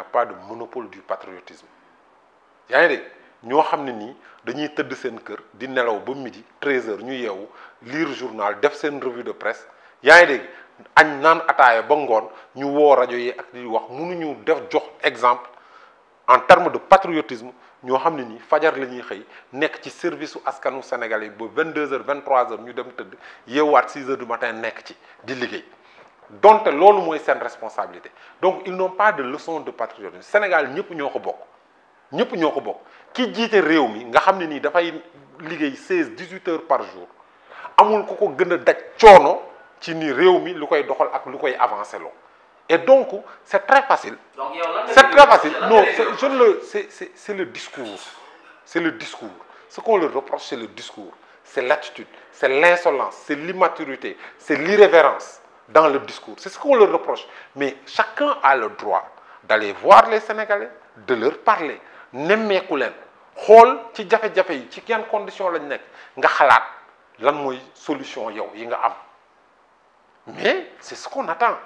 a pas de monopole du patriotisme Nous savons que ñoo xam ne nii dañuy tëdd seen kër di 13h ñu yeewu lire journal def seen revue de presse Nous ngi dégg añ naan ba ñu exemple en termes de patriotisme ñoo xam ne fajar la ñuy xëy ci service askanu sénégalais 22h 23h ñu dem 6h du matin nekk dont loolu mooy seen responsabilité donc ils n'ont pas de leçon de patriotisme Sénégal ñëpp ñoo ko bokk ñëpp ñoo ko bokk ki jiite réew mi nga xam ne nii dafay heures par jour amul ku ko a daj coono ci ni réew mi lu koy doxal ak avancé et donc c'est très facile c'est très facile non je le c'est c'est le discours c'est le discours ce qu'on leur reproche c'est le discours c'est l'attitude c'est l'insolence c'est l'immaturité c'est l'irrévérence dans le discours. C'est ce qu'on leur reproche. Mais chacun a le droit d'aller voir les Sénégalais, de leur parler. nemmeeku Hol, xool ci jafe-jafe tu ci yan condition lañ nekk nga xalaat lan mooy solution yow yi nga am mais c'est ce qu'on attend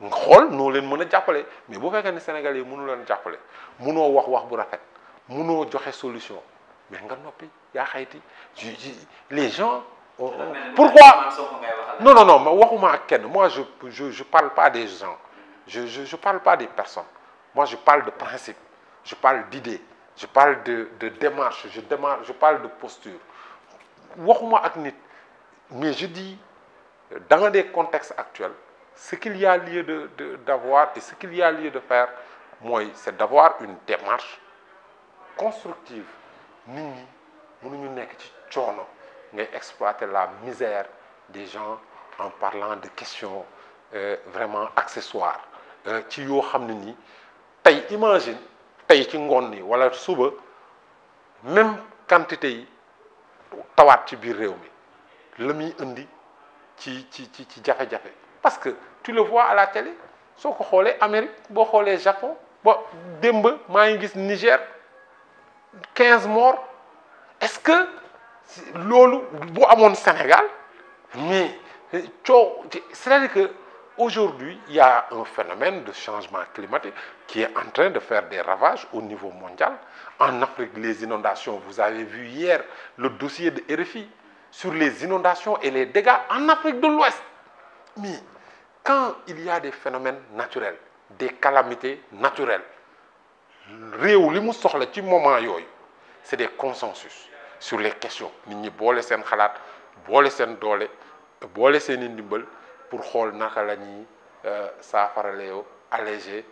nous les noo leen mais vous jàppale mais bu nous les Sénégalais yi mënu leen jàppale munoo wax wax bu rafet munoo joxe solution mais nga noppi yaa xayti les gens pourquoi non non non moi je ne parle pas des gens je ne parle pas des personnes moi je parle de principe je parle d'idées. je parle de de démarche je je parle de posture mais je dis dans des contextes actuels ce qu'il y a lieu d'avoir et ce qu'il y a lieu de faire moi, c'est d'avoir une démarche constructive exploiter la misère des gens en parlant de questions euh, vraiment accessoires euh, ci yoo xam ne nii tey imagine tey ci ngoon nii walla suba même quantité yi tawaat ci biir réew mi la muy indi ci ci ci ci jafe-jafe parce que tu le vois à la télé soo ko xoolee Amérique boo xoolee Japon ba démb maa ngi gis Niger 15 morts est-ce que loolu bu amoon Sénégal mais, euh, c'est-à-dire qu'aujourd'hui, il y a un phénomène de changement climatique qui est en train de faire des ravages au niveau mondial. En Afrique, les inondations, vous avez vu hier le dossier de RFI sur les inondations et les dégâts en Afrique de l'Ouest. Mais quand il y a des phénomènes naturels, des calamités naturelles, moment c'est des consensus sur les questions Nous avons boole seen doole boole seen i ndimbal pour xool naka la ñuy euh, saafaraleyoo alléger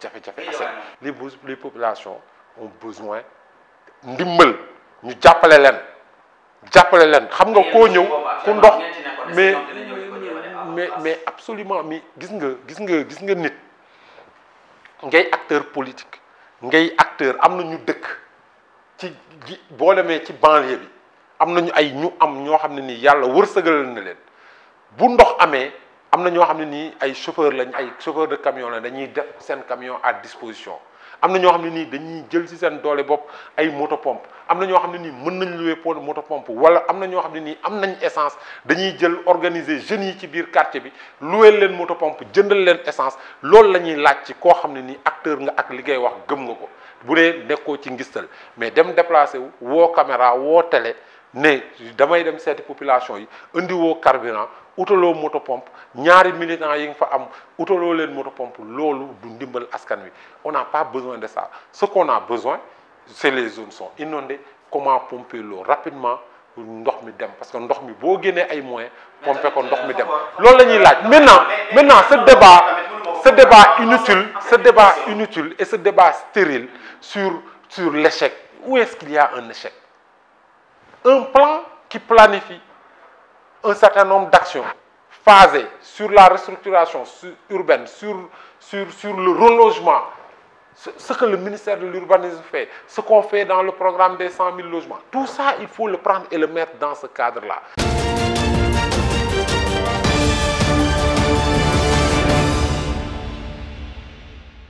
jafe-jafe askan li les populations ont besoin ndimbal ñu jàppale leen jàppale leen xam nga koo ñëw bah, ku ndox mais mais mais absolument mais gis nga gis nga gis nga nit ngay acteur politique ngay acteur am na ñu dëkk ci gi boo demee ci banlieue bi am nañu ay ñu am ño xam ni yalla wërsegal na leen bu ndox amé amna ño ñoo ni ay chauffeur lañ ay chauffeur de camion lañ dañuy def sen camion à disposition amna ño ñoo ni dañuy jël ci sen doole bop ay moto pompe amna ño ñoo ni ne nii mën nañ louer moto pompe wala amna ño ñoo ni amnañ essence dañuy jël organiser jeunes yi ci biir quartier bi loué leen moto pompe jëndal leen essence lool lañuy laaj ci ko xam ni acteur nga ak li wax gëm nga ko bu dee nekkoo ci ngistal mais dem déplacer wu woo caméra woo télé ne damay dem seeti population yi indiwoo carburant utaloo moto pompe ñaari militant yi nga fa am utaloo leen moto pompe loolu du ndimbal askan wi on n'a pas besoin de ça ce qu'on a besoin c'est les zones sont inondées comment pomper l'eau rapidement ndox mi dem parce qu'on ndox mi boo génnee ay moyens pomper ko ndox mi euh, dem loolu maintenant maintenant ce débat ce débat inutile ce débat inutile et ce débat stérile sur sur l'échec où est-ce qu'il y a un échec un plan qui planifie un certain nombre d'actions phasées sur la restructuration urbaine, sur, le relogement, ce que le ministère de l'Urbanisme fait, ce qu'on fait dans le programme des 100 000 logements, tout ça, il faut le prendre et le mettre dans ce cadre-là.